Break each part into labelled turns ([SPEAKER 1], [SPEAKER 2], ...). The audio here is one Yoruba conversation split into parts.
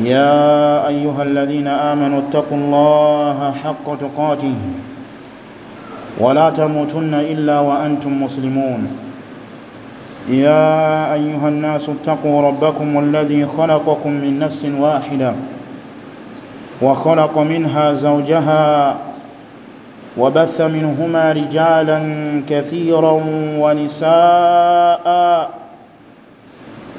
[SPEAKER 1] يا أيها الذين آمنوا اتقوا الله حق تقاته ولا تموتن إلا وأنتم مسلمون يا أيها الناس اتقوا ربكم الذي خلقكم من نفس واحدة وخلق منها زوجها وبث منهما رجالا كثيرا ونساءً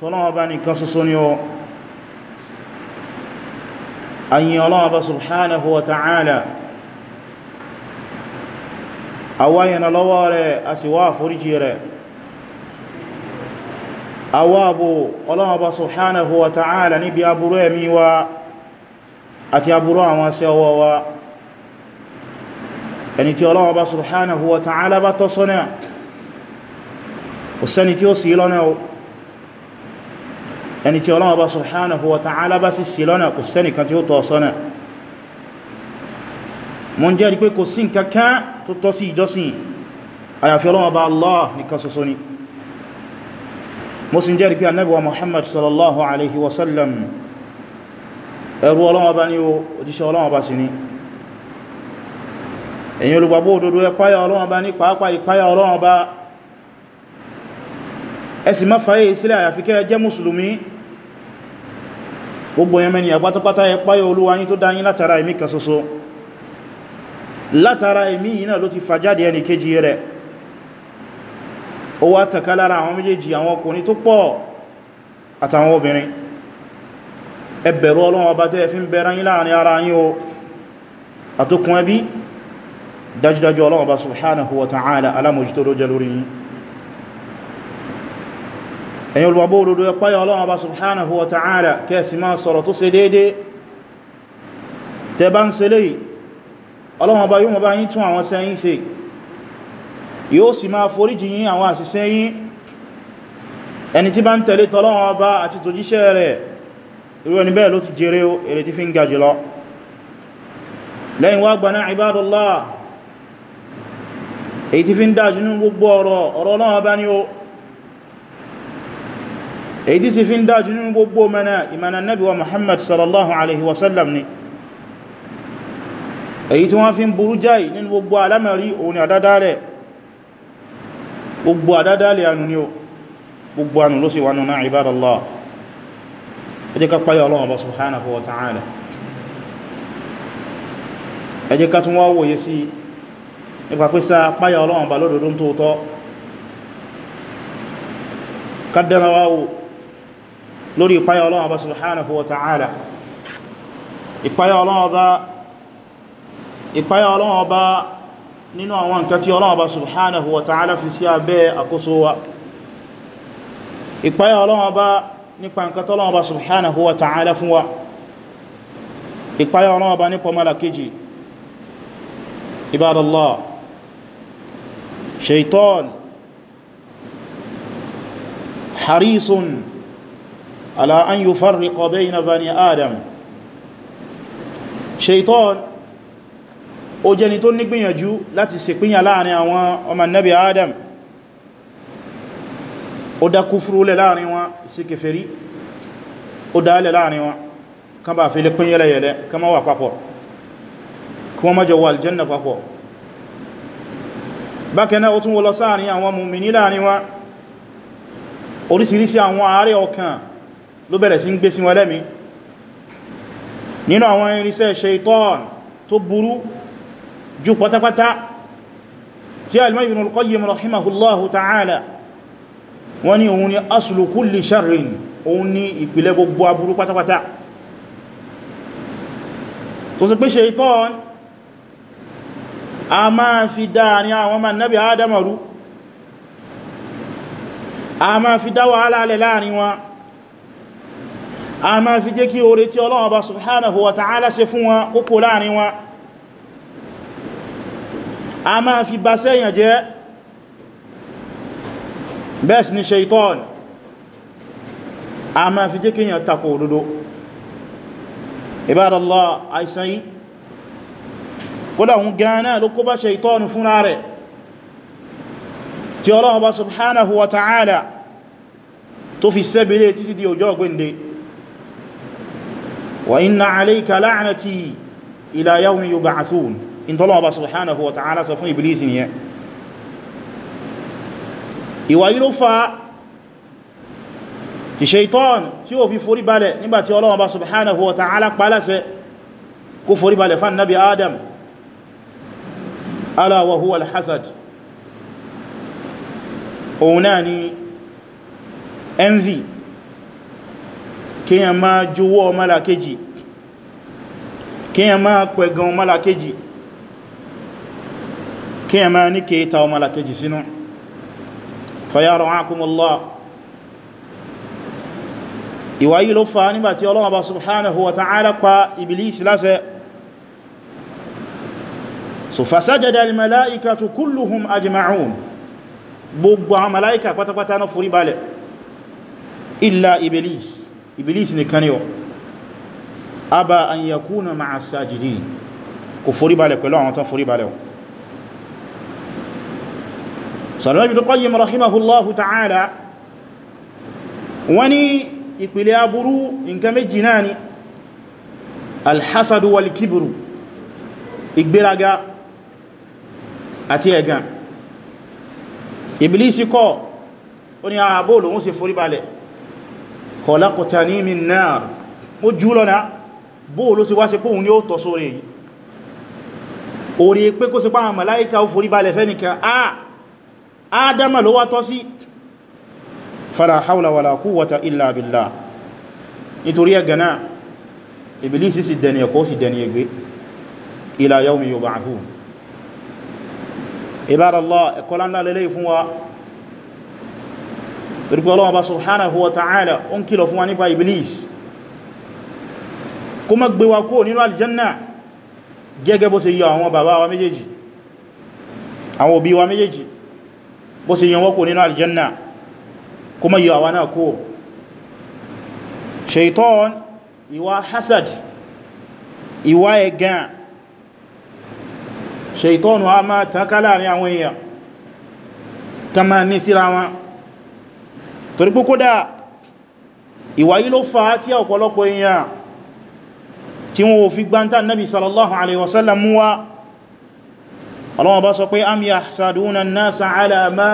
[SPEAKER 1] tọ́lọ́wọ́ bá nìkan ṣoṣo ni ọ ayin Ọlọ́run bá subhanahu wa ta'ala àwa yana lọ́wọ́ rẹ̀ a sì wá àforíjì rẹ̀ àwa àbò Ọlọ́run bá subhanahu wa ta'ala níbi aburú ẹ̀mí wa àti aburú àwọn sí ọwọ́ wa ẹni tí Ọlọ́run subhanahu wa ta'ala bá tọ́ sọ́nà ò sẹ́ni tí ó sì lọ́nà ẹni tí Ọlọ́run Ọba subhanahu wa ta'ala bá sì sí lọ́nà kò sẹ́nìkan tí ó tọ́ sọ́nà mo ń jẹ́rìí pé kò sí nǹkankan tó tọ́ sí ìjọsìn àyàfi Ọlọ́run Ọba Allah nìkan ṣoṣo ni mo sì ń jẹ́rìí pé Ànábì wa Muhammad sallallahu alaihi wasallam ẹrú Ọlọ́run Ọba ni ó òjíṣẹ́ Ọlọ́run Ọba sì ni ẹ̀yin olùgbàgbọ́ òdodo ẹ má fàyè sílẹ̀ àyàfi jẹ́ mùsùlùmí gbogbo ẹmẹ́ ni àpátápátá ẹ páyọ olúwa yín tó dá yín látara ẹ̀mí kan ṣoṣo látara ẹ̀mí yìí náà ló ti fàjáde ẹni kejì rẹ̀ ó wá tàkà lára àwọn méjèèjì àwọn ọkùnrin tó pọ̀ àtàwọn obìnrin ẹ bẹ̀rù Ọlọ́run Ọba tẹ́ fi ń bẹ̀rẹ̀ ẹ̀yin olùwàbó òdodo ẹ páyà Ọlọ́run Ọba subhanahu wa ta'ala kẹsì máa sọ̀rọ̀ tó ṣe déédé tẹ bá ń ṣe léyìí Ọlọ́run Ọba yóò mọ̀ bá yín tún àwọn sẹ́yìn ṣe yóò sì máa foríjì yín àwọn àṣìṣe yín ẹni tí bá ń tẹ̀lé tọ́lọ́run Ọba àti tòjíṣẹ́ rẹ̀ èyí tí sì fi ń dájú nínú gbogbo mẹ́nà ìmẹ́nà nẹ́bí wa Muhammad sallallahu alaihi wasallam ni èyí tí wọ́n fi ń burú jáì nínú gbogbo alámẹ̀rí òun ni àdádálẹ̀ gbogbo àdádálẹ̀ anù ni ó gbogbo anù ló sì wà nù náà ibadallah ẹ lórí ìpáyà ọlọ́run ọba subhanahu wa ta'ala ìpáyà ọlọ́run ọba ìpáyà ọlọ́run ọba nínú àwọn nǹkan tí ọlọ́run ọba subhanahu wa ta'ala fi sí abẹ́ àkóso wa ìpáyà ọlọ́run ọba nípa nǹkan tọ́lọ́run ọba subhanahu wa ta'ala fún wa ìpáyà ọlọ́run ọba nípa malakeji ibadallah harisun على أن يفرق بين بني آدم شيطان ó jẹni tó nígbìyànjú láti ṣèpínyà láàrin àwọn ọmọ nẹ́bí Adam ó dá kúfúrú lẹ láàrin wọn sí kèfèrí ó dá lẹ láàrin wọn kan bá fi lè pín yẹlẹyẹlẹ kan má wà papọ̀ kí wọ́n má jọ wà aljanna papọ̀ bákan náà ó tún wọ́lọ sáàrin àwọn mùmìnì láàrin wọn orísìírísìí àwọn àárẹ̀ ọkàn ló bẹ̀rẹ̀ sí ń gbé sí wọn lẹ́mí nínú àwọn irinṣẹ́ shaitan tó burú jù pátápátá tí alimọ́ ibn al-qayyim rahimahullahu ta'ala wọ́n ní òun ni aslu kulli sharrin òun ni ìpìlẹ̀ gbogbo aburú pátápátá tó sì pé shaitan a máa fi dáa ní àwọn ọmọ nabi adamaru a máa fi dá wàhálà láàrin wọn a máa fi jẹ́ kí oore tí Ọlọ́run bá subhanahu wa ta'ala ṣe fún wọn ó kó láàrin wọn a máa fi bá sẹ́yàn jẹ́ bẹ́ẹ̀ sì ni shaitan a máa fi jẹ́ kí èyàn takò òdodo ibadallah àìsàn yìí kódà hun gánà ló kó bá shaitan fúnra rẹ̀ tí Ọlọ́run bá subhanahu wa ta'ala tó fi sẹ́bílẹ̀ títí di ọjọ́ ọgbẹ́ndẹ̀ wa inna alayka la'nati ila yawmi yub'athun in tọ́lọ̀ ọba subhanahu wa ta'ala sọ fún iblis ni yẹ ìwà yìí ló fa kí shaitan tí ó fi forí balẹ̀ nígbàtí Ọlọ́run ọba subhanahu wa ta'ala pàlásẹ kó forí balẹ̀ fán nabi adam ala wa huwa al-hasad òun ni envy kíyàn máa jọ̀wọ́ ọmọlàkejì kíyàn máa pẹ̀gàn ọmọlàkejì kíyàn máa ní kéta ọmọlàkejì sínú fayára ra'akumullah ìwà yìí ló fa nígbàtí Ọlọ́run bá subhanahu wa ta'ala pa Ibilisi láṣẹ so fasajada al-mala'ikatu kulluhum ajma'un gbogbo àwọn mala'ika pátápátá náà forí balẹ̀ illa Ibilis Ìbílísì nìkan ni ọ abà an yakuna ma'a sajidin kò foríbalẹ̀ pẹ̀lú àwọn tán foríbalẹ̀ ọ sọ̀rọ̀ Ibn Qayyim rahimahullahu ta'ala wani ìpìlẹ̀ aburú nǹkan méjì náà ni alhassadu walkibiru ìgbéraga àti ẹ̀gàn Ìbílísì kọ́ ó ní àbóòlù ah, òun ṣe foríbalẹ̀ khalaqtani min nar ó jú lọ́nà bóò ló sì wá sí pé òun ni ó tọ́ sórí yìí orí pé kó sí pé àwọn màláíkà ó forí balẹ̀ fẹ́nìkan a ádámà ló wá tọ́ sí fala hawla wala quwwata illa billah nítorí ẹgànà Ìbílísì sì dẹni ẹ̀kọ́ sì dẹni ẹgbẹ́ ila yawmi yub'athun ibadallah ẹ̀kọ́ láńlá lẹ́lẹ́ fún wa torí pé Ọlọ́run bá subhanahu wa ta'ala ó ń kìlọ̀ fún wa nípa iblis kó má gbé wa kó nínú aljanna gẹ́gẹ́ bó ṣe yọ àwọn bàbá wa méjèèjì àwọn òbí wa méjèèjì bó ṣe yọ wọ́n kó nínú aljanna kó má yọ àwa kó shaitan ìwà hasad ìwà ẹ̀gàn shaitan wa máa tán ní àwọn èèyàn kama ní síra wọn torí pé kódà ìwà yìí ló fa tí ọ̀pọ̀lọpọ̀ èèyàn tí wọ́n fi gbántà nabi sallallahu alaihi wasallam muwa ọlọ́wọ́ bá sọ pé am yahsaduna an-nasa ala ma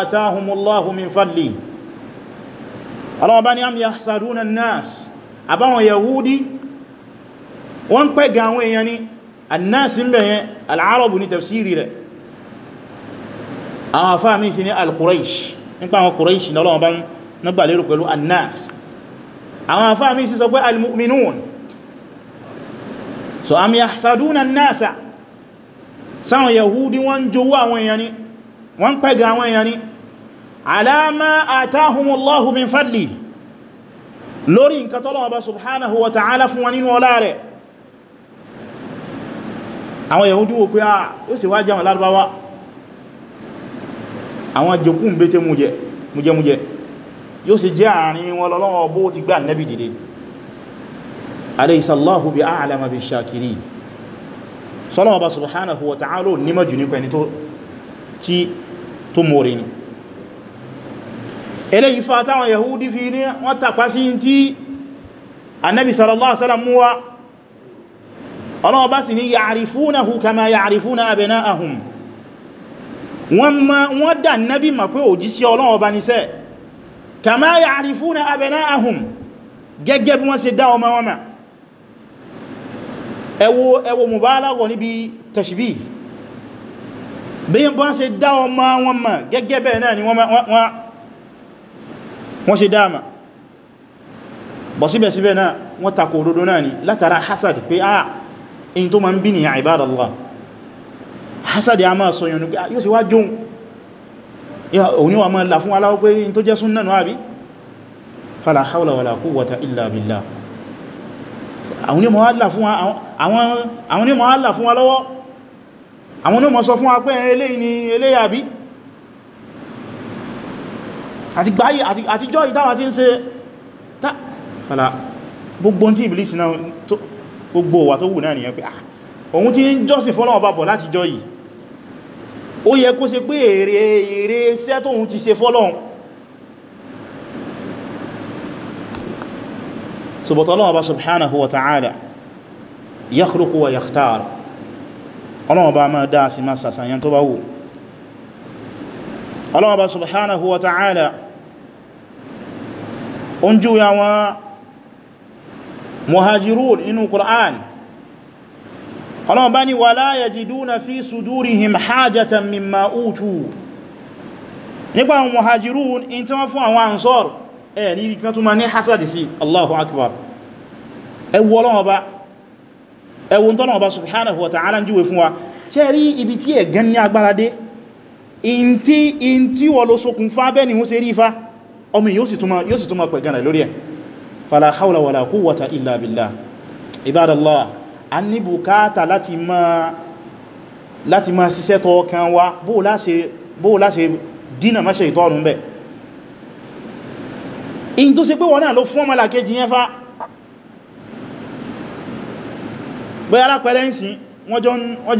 [SPEAKER 1] atahumullahu min fadli ọlọ́wọ́ bá ní am yahsaduna an-nas àbáwọn yahudi wọ́n pẹ́ ga àwọn èèyàn nípa àwọn Quraish lọ́lọ́wọ́ bá ń gbà lérò pẹ̀lú annas àwọn afá mi sí sọ pé al-mu'minun so am yahsaduna an-nasa sáwọn yahudi wọ́n jowó àwọn èèyàn ni wọ́n pẹ̀gà àwọn èèyàn ni ala ma atahumullahu min fadli lórí nǹkan tọ́lọ́wọ́ bá subhanahu wa ta'ala fún wa nínú ọlá àwọn jẹkú ń bété mújẹmújẹ yóò sì jẹ́ àárín wọn lọ́lọ́wọ́ bó ti gbà nẹ́bì dìde aleyhisallahu bi a'lama bi shakiri sọ́lọ́wọ́ bá subhanahu wa ta'ala nímọ̀ jù nípa ẹni tí ní kama ya'rifuna abna'ahum wọ́n dà nábì mà pé òjíṣẹ́ Ọlọ́run ọba níṣẹ́ kama ya'rifuna abna'ahum gẹ́gẹ́ bí wọ́n ṣe dá ọmọ wọn mà ẹwọ ẹwọ mubalaghah níbi tashbih bí wọ́n ṣe dá ọmọ wọn mà gẹ́gẹ́ bẹ́ẹ̀ náà ni wọ́n ṣe dá bọ̀ síbẹ̀síbẹ̀ náà wọ́n takò òdodo náà ni látara hasad pé ah hasadi a máa sọyàn ní pé ah, yóò sì wá jóun òníwà máa là fún aláwọ́ pé in tó jẹ́ súnnà náà àbí fala hawla wala quwwata illa billah àwọn ni mọ̀ hálà fún wa lọ́wọ́ àwọn ni mọ̀ sọ fún wa pé eléyìí ni eléyìí àbí àti gbáyé àti jọ ìdáwà tí ń ṣe fala gbogbo tí Ìbílísì náà gbogbo wà tó wù náà nìyẹn pé ah, òun ti ń jọ́sìn fọ́lọ́wọ́ bàbọ̀ láti jọ yìí ó yẹ kó ṣe pé èrè èrè iṣẹ́ tóhun ti ṣe fọ́lọ́hun sọ̀bọ̀tọ̀ ọlọ́wọ́ bá subhanahu wa ta'ala yakhluqu wa yakhtar ọlọ́wọ́ bá máa dáa sí máa sàṣàyàn tó bá wù ọlọ́wọ́ bá subhanahu wa ọlọ́run bá ní wala yajiduna fi sudurihim hajatan mimma utu nípa àwọn muhajirun in tí wọ́n fún àwọn ansọ́r ẹ̀ ní ibi kan tó ma ní hasadi sí allahu akbar ẹwọ ọlọ́run bá ẹwọ tọ́lọ́run bá subhanahu wa ta'ala ń júwe fún wa ṣe rí ibi tí ẹ̀ gan ní agbára dé in tí wọ́n lo a ní bùkátà láti máa láti máa ṣiṣẹ́ tọ ọkàn wa bóò láṣe dínà mẹ́ṣẹ̀ ìtọ́nù bẹ̀ in tó ṣe pé wọ́n náà ló fún ọmọ làkejì yẹn fa bóyá alápẹ̀ẹ́rẹ́ ń sin wọ́n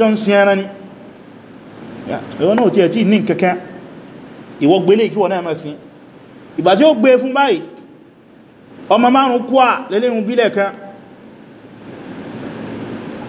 [SPEAKER 1] jọ ń sin ẹran ni ẹ̀wọ́n náà tí ẹ̀ tí ní kẹ́kẹ́ ìwọ gbélé kí wọ́n náà máa sin ìgbà tí ó gbé e fún báyìí ọmọ márùn-ún kúà lẹ́lẹ́yìn bílẹ̀ kan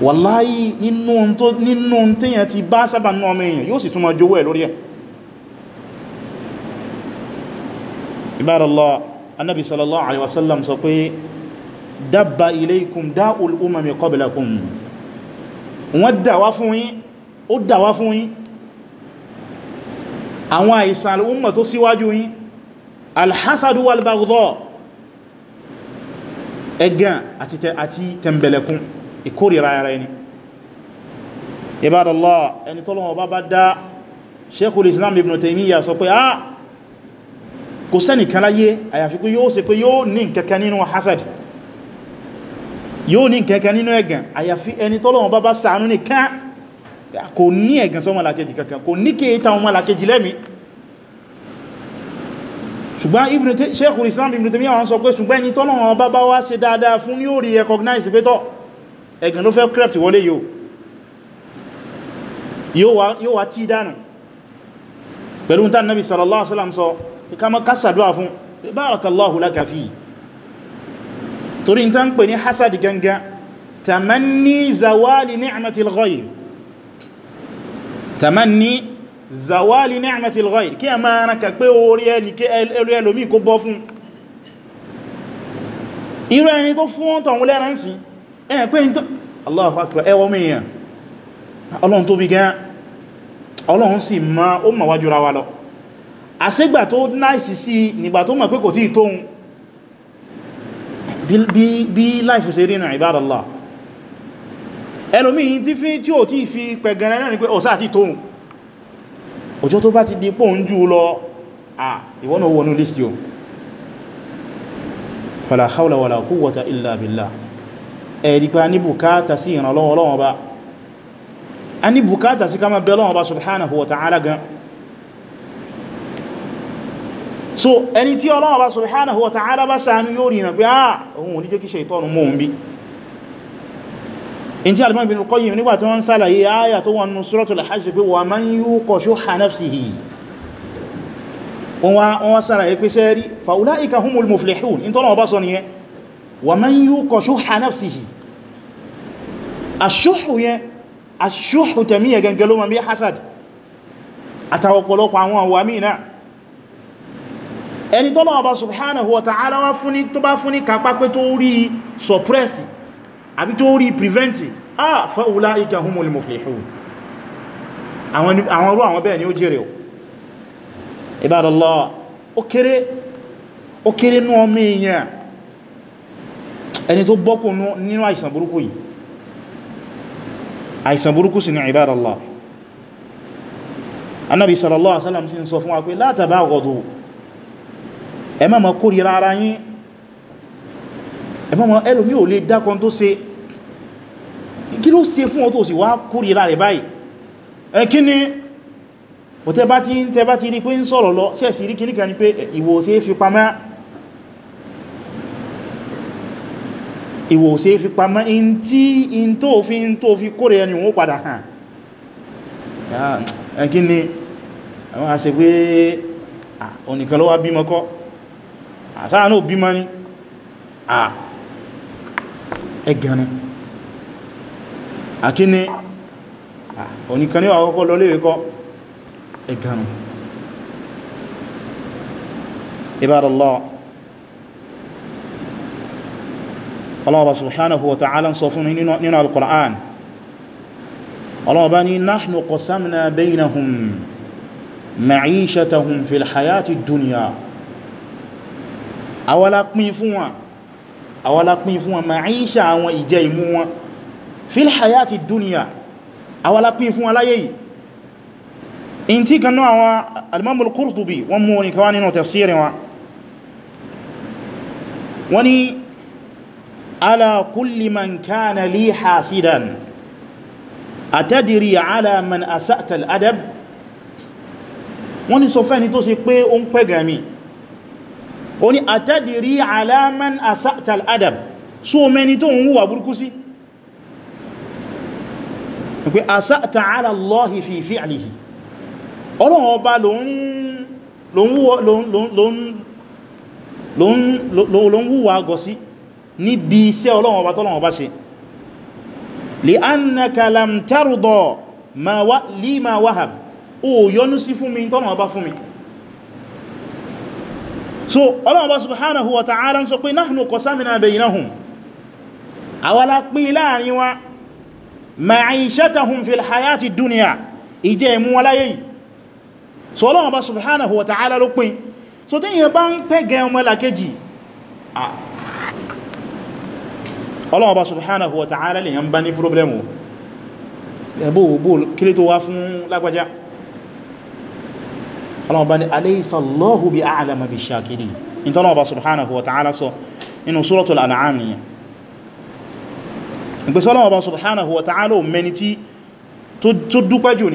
[SPEAKER 1] wàláyí nínú tíyàn ti bá sábà náà mẹ́yàn yóò sì túnmọ̀ jówó ẹ̀ lórí ẹ̀ ibadallah annabi sallallahu alaihi wasallam sọ pé dabba ilaykum da'ul umami qablakum wọ́n dáwá fún yín ó dáwá fún yín àwọn àìsàn al'umma tó síwájú yín alhassadu walbaghdha ẹgàn àti tẹ̀mbẹ̀lẹ̀kún ìkórìíra ara ẹni Ibadallah ẹni tọ́lọ́wọ́ bá bá dá Sheikhul Islam Ibn Taymiyyah sọ pé ah kò sẹ́nìkan láyé àyàfi pé yóò ṣe pé yóò ní nǹkankan nínú hasad yóò ní nǹkankan nínú ẹ̀gàn àyàfi ẹni tọ́lọ́wọ́ bá bá ṣàánú nìkan kò ní ẹ̀gàn sọ́mọ́lákejì kankan kò ní kéèta ọmọlákejì lẹ́mìí ṣùgbọ́n Ibn Sheikhul Islam Ibn Taymiyyah wọ́n sọ pé ṣùgbọ́n ẹni tọ́lọ́wọ́ bá bá wá ṣe dáadáa fún ní ó rí recognize pé tọ́ ẹ̀gàn ló fẹ́ crept wọlé yóò yóò wá tí dánà pẹ̀lú tán nabi sallallahu alaihi wasallam sọ kama kásàdúwà fún barakallahu laka fi torí tán pè ní hasad ganga tamanni zawali ni'matil ghayr tamanni zawali ni'matil ghayr kí a máa raka pé orí ẹni kí ẹlú ẹlòmí kó bọ́ fún irú ẹni tó fún tọ̀hún lẹ́ránsìn ẹ̀yàn eh, pé ìntọ́ Allahu Akbar ẹwọ mìíyàn Ọlọ́run tó bí gan Ọlọ́run sì ma ó ma wájú ra wa lọ àṣígbà tó náìsì sí nígbà tó mọ̀ pé kò tí ì tóhun bí láìfù sí rínà ìbádàlá ẹlòmíyàn tí fi tí ò tí fi pẹ̀gẹ̀rẹ̀ náà ni pé ọ̀sá àti tóhun ọjọ́ tó bá ti di pò ń jù lọ à ìwọ́n náà wọnú list yóò fala hawla billah ẹ̀rí pé a ní bùkátà sí ìrànlọ́wọ́ Ọlọ́run Ọba a ní bùkátà sí ká máa bẹ Ọlọ́run Ọba subhanahu wa ta'ala gan so ẹni tí Ọlọ́run Ọba subhanahu wa ta'ala bá ṣàánú yóò rí ìrìnàgbé ah ohun ò ní jẹ́ kí ṣaitọ́nù mọ́ bí in ti Al-Imam Ibn nígbà tí wọ́n sálàyé ayà tó wọn Suratul Hajj pé wa man yuqa shuhha nafsihi wọ́n wá sálàyé pé sẹ́rí fa ula'ika humul muflihun in tọ́nà ọba sọ nìyẹn ومن يوق شح نفسه الشح يا الشح تمية جنجلو من بي حسد أتوقلوك عوان وامينا ẹni tọ́lọ̀ ọba subhanahu wa ta'ala wá fún ní tó bá fún ní kápá pé tó rí suppress àbí tó rí prevent ah fa ulaika humul o ibadallah ó kéré ó ẹni tó bọ́kù nínú àìsàn burúkú yìí àìsàn burúkú sí ni ibadallah annabi sallallahu alaihi wasallam sí ń sọ fún wa pé la tabaghadu ẹ má ma kórìíra ara yín ẹ má ma ẹlòmí ò lè dákan tó ṣe kí ló ṣe fún ọ tó sì wá kórìíra rẹ̀ báyìí ẹ kí ni ò tẹ́ bá ti rí pé ń sọ̀rọ̀ lọ ṣẹ́ẹ̀sì rí kìníkà ni pé ìwò ṣe fi pamẹ́ ìwò òsè fi pamọ́ in tí in tó fi in tó fi kórè ẹni wọ́n padà hàn ẹkí ni àwọn àṣẹ pé ònìkan ló wá bímọ kọ́ àṣáà náà bímọ ní ẹgbẹ̀nu àkíní ònìkan ní àkọ́kọ́ lọléwé kọ́ ẹgbẹ̀nu Ibadallah Allah subhanahu wa ta'ala sọ fún nínú al-Qur'an Allah bá ní nahnu qasamna baynahum ma'ishatahum fil hayati dunya awala pín fún wọn awala pín fún wọn ma'isha àwọn ìjẹ ìmú wọn fil hayati dunya awala pín fún wọn láyé yìí in tí kan على كل من كان لي حاسدا أتدري على من أسأت الأدب wọ́n ni sọ fẹ́ni tó sì pé o ń pẹ́gà mi o ni àtàdìrí alaman asatal adab so mẹni tó ń wùwà burúkú sí pé asata ala Allahi fi fi'lihi ọ̀rọ̀ ọba ló ń gọ̀ sí níbi iṣẹ́ ọlọ́wọ̀n ọba tọ́lọ̀wọ̀n ọba ṣe li'annaka lam tarda li ma wahab o yọnú sí fún mi tọ́lọ̀wọ̀n ọba fún mi so ọlọ́wọ̀n ọba subhanahu wa ta'ala sọ pé nahnu qasamna baynahum awala pín láàrin wa ma'ishatahum fil hayati dunya ìjẹ́ so ọlọ́wọ̀n ọba subhanahu wa ta'ala ló pín so tí yẹn bá ń pẹ́gẹ ọmọlàkejì Ọlọ́run Ọba subhanahu wa ta'ala lè yàn bá ní problemu ẹ̀bọ́ kílé tó wá fún lágbàjá Ọlọ́run Ọba ní alaysa Allahu bi a'lama bi shakirin in tọ́lọ́run Ọba subhanahu wa ta'ala sọ inú suratul an'am nìyàn ìgbésọ́ Ọlọ́run Ọba subhanahu wa ta'ala ò mẹni tí tó dúpẹ́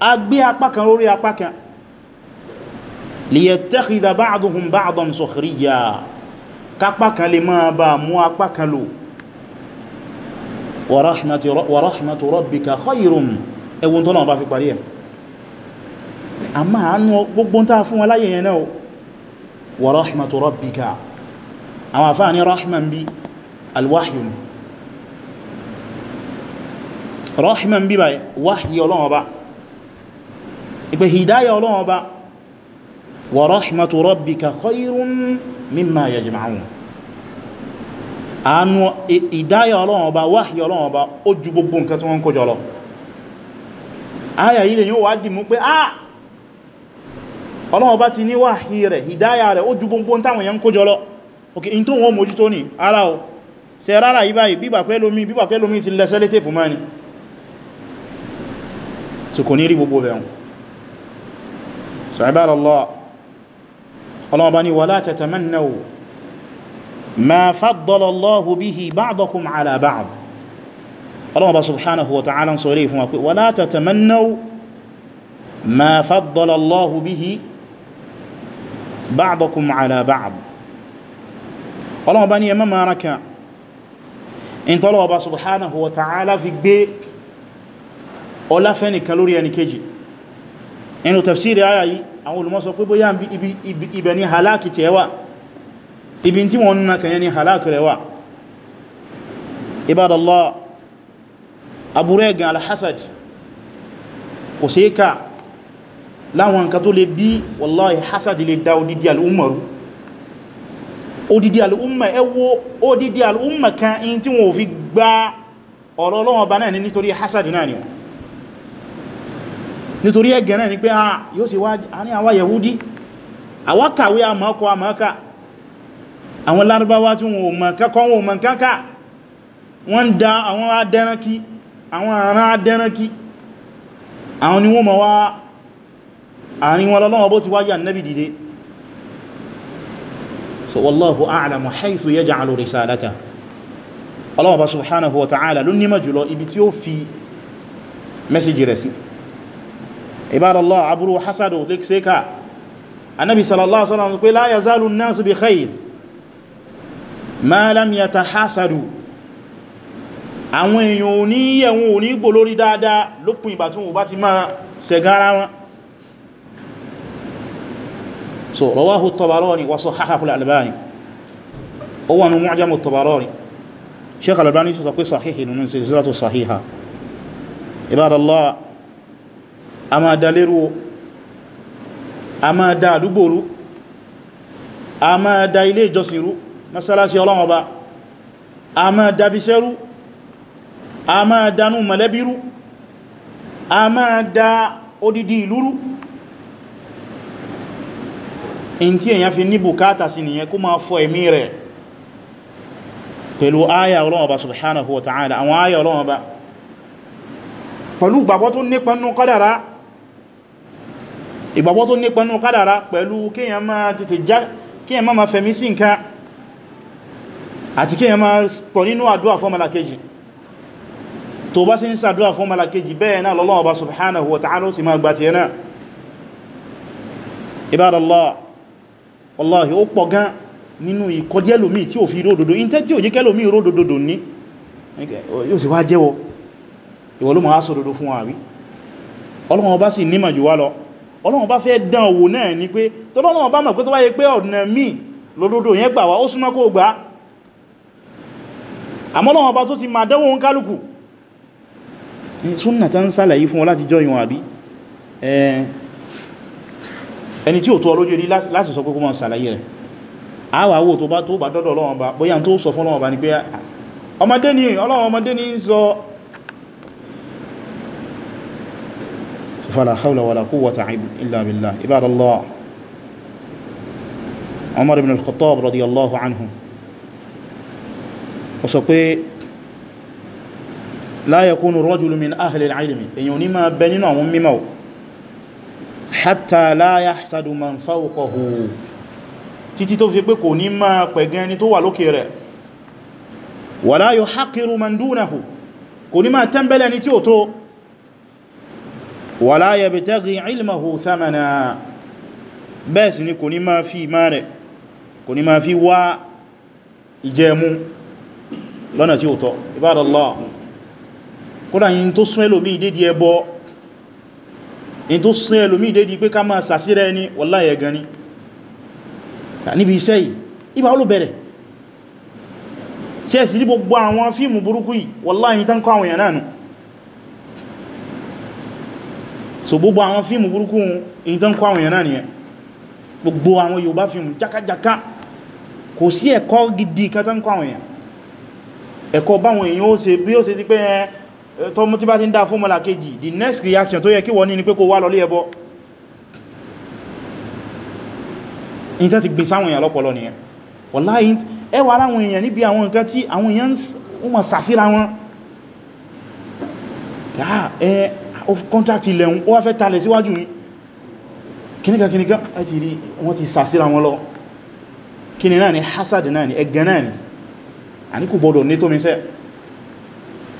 [SPEAKER 1] a gbé apá kan lórí apá kan liyattakhidha ba'duhum ba'dan sukhriya kápá kan lè máa bá mú apá kan lò wa rahmatu rabbika khayrun ẹwùn tó náà bá fi parí ẹ̀ a máa nú gbogbo ta fún aláyẹ yẹn náà wa rahmatu rabbika àwọn àfáà ní rahman bí alwahyun rahman bí báyìí wáhí ọlọ́wọ́ ìpé hidaya ọlọ́wọ́n bá wa rahmatu rabbika khayrun mimma yajma'un àánú ìdáyà ọlọ́wọ́n bá wáhí ọlọ́wọ́n bá ó ju gbogbo nǹkan tí wọ́n ń kójọ lọ ayà ilẹ̀ yóò wá dìmú pé ah ọlọ́wọ́n bá ti ní wáhí rẹ̀ ìdáyà rẹ̀ ó ju gbogbo táwọn yẹn ń kójọ lọ ok in tó wọ́n mójútó ní ara o ṣe rárá yí báyìí bíbà pẹ́ lómi bíbà pẹ́ lómi ti lẹ́sẹ́lẹ́tẹ̀ fún mọ́ ni so kò ní rí gbogbo bẹ̀rùn so ibadallah ọlọ́wọ́ bá ní wala tatamannaw ma faddala Allahu bihi ba'dakum ala ba'd ọlọ́wọ́ bá subhanahu wa ta'ala sọ rí fún wa pé wala tatamannaw ma faddala Allahu bihi ba'dakum ala ba'd ọlọ́wọ́ bá ní ẹmọ́ mara ka in tọ́lọ́wọ́ bá subhanahu wa ta'ala fi gbé ọláfẹ́nìkan àwọn olùmọ̀ sọ pé bóyá ibẹ̀ ni halaki tẹ́ wà ibi tí wọ́n nuna kẹ̀yẹ ni halaki rẹ̀ wà ibadallah aburú ẹ̀gàn alhassad kò sí ká láwọn nǹkan tó lè bí wallahi hassad lè dá odidi al'ummaru odidi al'umma ẹwọ odidi al'umma kan in tí wọ́n fi gba ọ̀rọ̀ ọlọ́wọ́ ba náà nítorí hassad náà ni wọ́n nítorí ẹgẹ̀ náà ni pé ah, a yóò sì wá ní àwa yahudi àwa kàwé àmọ́kọ àmọ́ká àwọn lárúbáwá tí wọn ò mọ̀ kẹ́kọ́ wọn ò mọ̀ kẹ́kà wọ́n dá àwọn adẹ́ránkí àwọn àrán adẹ́ránkí àwọn ni wọ́n mọ̀ wá àrin wọn lọ́wọ́ bó ti wáyà ibadallah aburu hasadu lè ṣe ká annabi sallallahu alaihi wasallam pé la yazalu an-nasu bi khair ma lam yatahasadu àwọn èèyàn ò ní yẹ̀wọ̀n ò ní gbò lórí dáadáa lópin ìgbà tí wọ́n bá ti máa ṣẹ̀gán wọn so rawahu at-Tabarani wa albani ó wà ní mu'jam at-Tabarani Sheikh al-Albani sọ pé sahihi nínú silsilatu sahiha ibadallah a máa dá lérú a máa dá àdúgbò rú a máa dá ilé ìjọsìn rú mọ́sálásí Ọlọ́run Ọba a máa dá bíṣẹ́ a máa dánú mọ̀lẹ́bí rú a máa dá odidi ìlú rú in tí èyàn fi ní bùkátà sí nìyẹn kó máa fọ ẹ̀mí rẹ̀ pẹ̀lú ayà Ọlọ́run Ọba subhanahu wa ta'ala àwọn ayà Ọlọ́run Ọba pẹ̀lú gbàgbọ́ tó nípa nú kádàrá ìgbàgbọ́ tó nípa nínú kádàrá pẹ̀lú kíyàn máa tètè já kíyàn máa fẹ̀mí sí nǹkan àti kíyàn máa pọ̀ nínú àdúwà fún malakeji tó bá sí ń sàdúwà fún malakeji bẹ́ẹ̀ náà lọ́lọ́wọ́ bá subhanahu wa ta'ala sì máa gbà tiyẹ náà ibadallah wallahi ó pọ̀ gan nínú ìkọjẹ́lòmí tí ò fi ródòdó in tẹ́ tí ò jíkẹ́lòmí ródòdó ní yóò sì wá jẹ́wọ́ ìwọ̀lú ma wá sọ dodo fún ọlọ́wọ́ bá sì nímọ̀ jù lọ ọlọ́run bá fẹ́ dán wò náà ni pé tọ́lọ́run bá mọ̀ pé tó bá yẹ pé ọ̀nà míì lódòdó yẹn gbà wá ó súnmọ́ kó gbà àmọ́lọ́run bá tó ti máa dánwò ń kálùkù súnnà tán sàlàyé fún ọ láti jọ ìwọ̀n àbí ẹni tí ò tó ọlójú rí láti sọ pé kó mọ́ sàlàyé rẹ̀ àwà wò tó bá tó bá dọ́dọ̀ ọlọ́run bá bóyá tó sọ fún ọlọ́run bá ni pé ọmọdé ni ọlọ́run ọmọdé ni sọ فلا حول ولا قوة إلا بالله عباد الله عمر بن الخطاب رضي الله عنه وسطي لا يكون الرجل من أهل العلم ينما بنين وممو حتى لا يحسد من فوقه títí tó fi pé kò ní máa pẹ̀gẹ́ ni tó wà lókè rẹ̀ wala yuhaqqiru man dunahu kò ní máa tẹ́m̀bẹ̀lẹ̀ ni tí ó tó wala yabtaghi ilmahu thamana bẹ́ẹ̀ sì ni kò ní máa fi ìmá rẹ̀ kò ní máa fi wá ìjẹmú lọ́nà tí ó tọ́ ibadallah kódà yìí tó sún ẹlòmí ìdédí ẹbọ yìí tó sún ẹlòmí ìdédí pé ká máa sàsírẹ ẹni wallahi ẹ̀gàn ni níbi iṣẹ́ yìí ibà ó sí ẹ̀sì ní gbogbo àwọn fíìmù burúkú yìí wallahi tán kọ àwọn èèyàn náà so gbogbo àwọn fíìmù burúkú in tán kọ́ àwọn èèyàn náà nìyẹn gbogbo àwọn Yorùbá fíìmù jákàjáká kò sí ẹ̀kọ́ gidi kan tán kọ́ àwọn èèyàn ẹ̀kọ́ báwọn èèyàn ó ṣe bí ó ṣe ti pé ẹ tọ́mú tí bá ti ń dá fún mọ́lá kejì the next reaction tó yẹ kí wọ́n ní ni pé kó wá lọlé ẹbọ in tán ti gbìn sáwọn èèyàn lọ́pọ̀lọ́ nìyẹn wàláhí ẹwà aláwọn èèyàn níbi àwọn nǹkan tí àwọn èèyàn ń contract ilẹ̀ òun ó wá fẹ́ talẹ̀ síwájú ní kìníkà kìníkà ẹ ti rí wọ́n ti sàsíra wọn lọ kíni náà ni hasad náà ni ẹgbẹ̀ náà ni a ní kò gbọdọ̀ ní tó mi sẹ́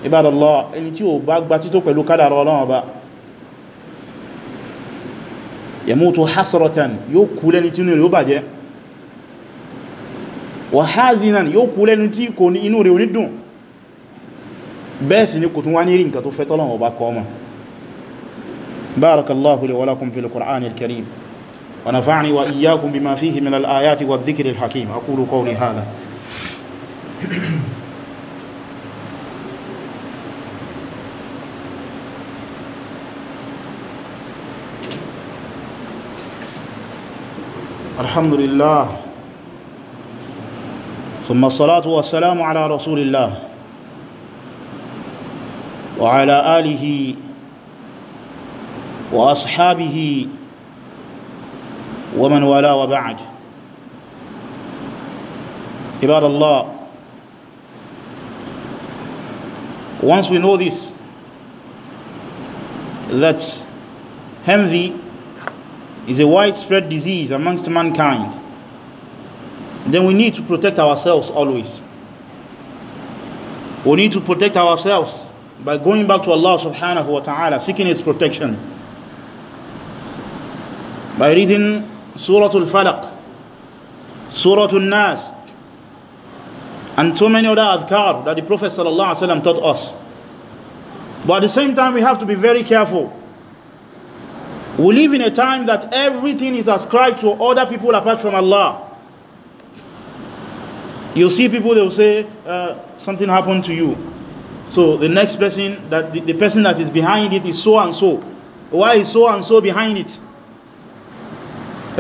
[SPEAKER 1] ibadallah ẹni tí ó bá gba tító pẹ̀lú kádàrà Ọlọ́run Ọba yamutu hasratan yóò kú lẹ́ni tí inú rẹ̀ ó bàjẹ́ wa hazinan yóò kú lẹ́ni tí kò ní inú rẹ̀ onídùn bẹ́ẹ̀ sì ni kò tún wá ní rí nǹkan tó fẹ́ tọ́lọ́run Ọba kọ́ ọmọ بارك الله لي ولكم في القرآن الكريم ونفعني وإياكم بما فيه من الآيات والذكر الحكيم أقول قولي هذا الحمد لله ثم الصلاة والسلام على رسول الله وعلى آله وعلى وأصحابه ومن والاه وبعد عباد الله once we know this that envy is a widespread disease amongst mankind then we need to protect ourselves always we need to protect ourselves by going back to Allah subhanahu wa ta'ala seeking his protection by reading Surah Al-Falaq, Surah Al-Nas, and so many other adhkar that the Prophet ﷺ taught us. But at the same time, we have to be very careful. We live in a time that everything is ascribed to other people apart from Allah. You see people, they will say, uh, something happened to you. So the next person, that the, the person that is behind it is so and so. Why is so and so behind it?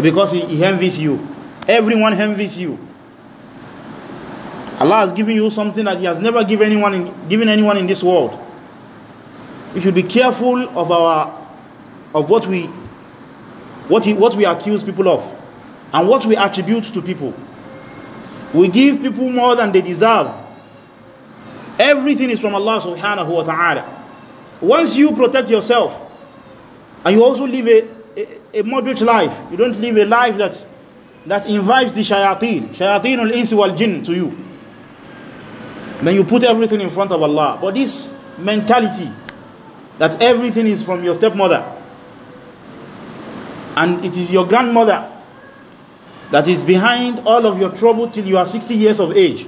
[SPEAKER 1] because he, he envies you everyone envies you Allah has given you something that he has never given anyone in, given anyone in this world we should be careful of our of what we what, he, what we accuse people of and what we attribute to people we give people more than they deserve everything is from Allah subhanahu wa ta'ala once you protect yourself and you also live a a moderate life. You don't live a life that, that invites the shayateen, shayateen al-ins wal-jinn to you. Then you put everything in front of Allah. But this mentality that everything is from your stepmother and it is your grandmother that is behind all of your trouble till you are 60 years of age.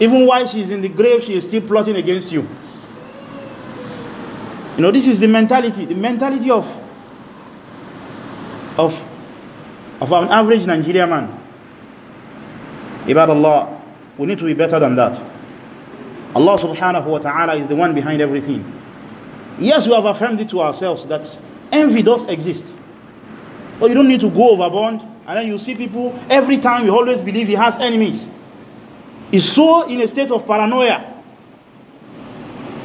[SPEAKER 1] Even while she is in the grave, she is still plotting against you. You know, this is the mentality, the mentality of of, of an average Nigerian man. Ibad Allah, we need to be better than that. Allah subhanahu wa ta'ala is the one behind everything. Yes, we have affirmed it to ourselves that envy does exist. But you don't need to go overboard and then you see people every time you always believe he has enemies. He's so in a state of paranoia.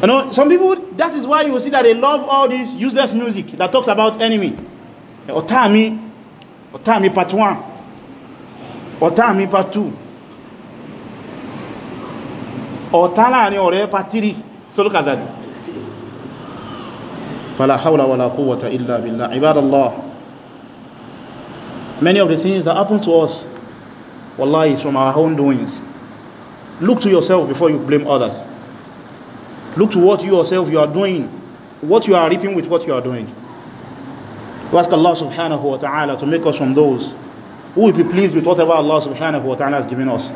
[SPEAKER 1] You know, some people, that is why you see that they love all this useless music that talks about enemy. ọ̀tá mi part 1 ọ̀tá part 2 ọ̀tá láàrin ọ̀rẹ́ part 3 sólùkàdàdì fala hawla wala quwwata illa billah ibadallah many of the things that happen to us wallahi is from our own doings look to yourself before you blame others look to what you yourself you are doing what you are reaping with what you are doing We ask Allah subhanahu wa ta'ala to make us from those who will be pleased with whatever Allah subhanahu wa ta'ala has given us.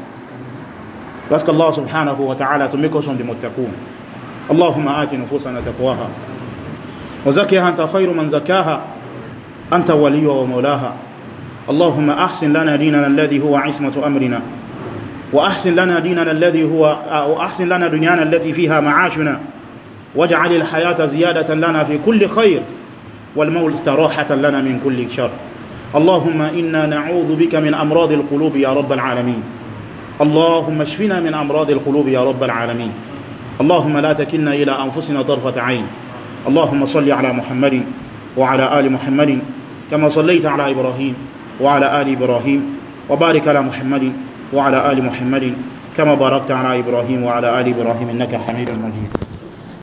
[SPEAKER 1] We ask Allah subhanahu wa ta'ala to make us from the muttaqoon. Allahumma aati nufusana taqwaha. Wa zakiha anta khayru man zakaha. Anta waliwa wa maulaha. Allahumma ahsin lana dinana aladhi huwa ismatu amrina. Wa ahsin وأحسن لنا ديننا الذي هو وأحسن لنا دنيانا التي فيها معاشنا واجعل hayata ziyadatan lana fi kulli khayru. والموت راحة لنا من كل شر اللهم إنا نعوذ بك من أمراض القلوب يا رب العالمين اللهم اشفنا من أمراض القلوب يا رب العالمين اللهم لا تكلنا إلى أنفسنا طرفة عين اللهم صل على محمد وعلى آل محمد كما صليت على إبراهيم وعلى آل إبراهيم وبارك على محمد وعلى آل محمد كما باركت على إبراهيم وعلى آل إبراهيم إنك حميد مجيد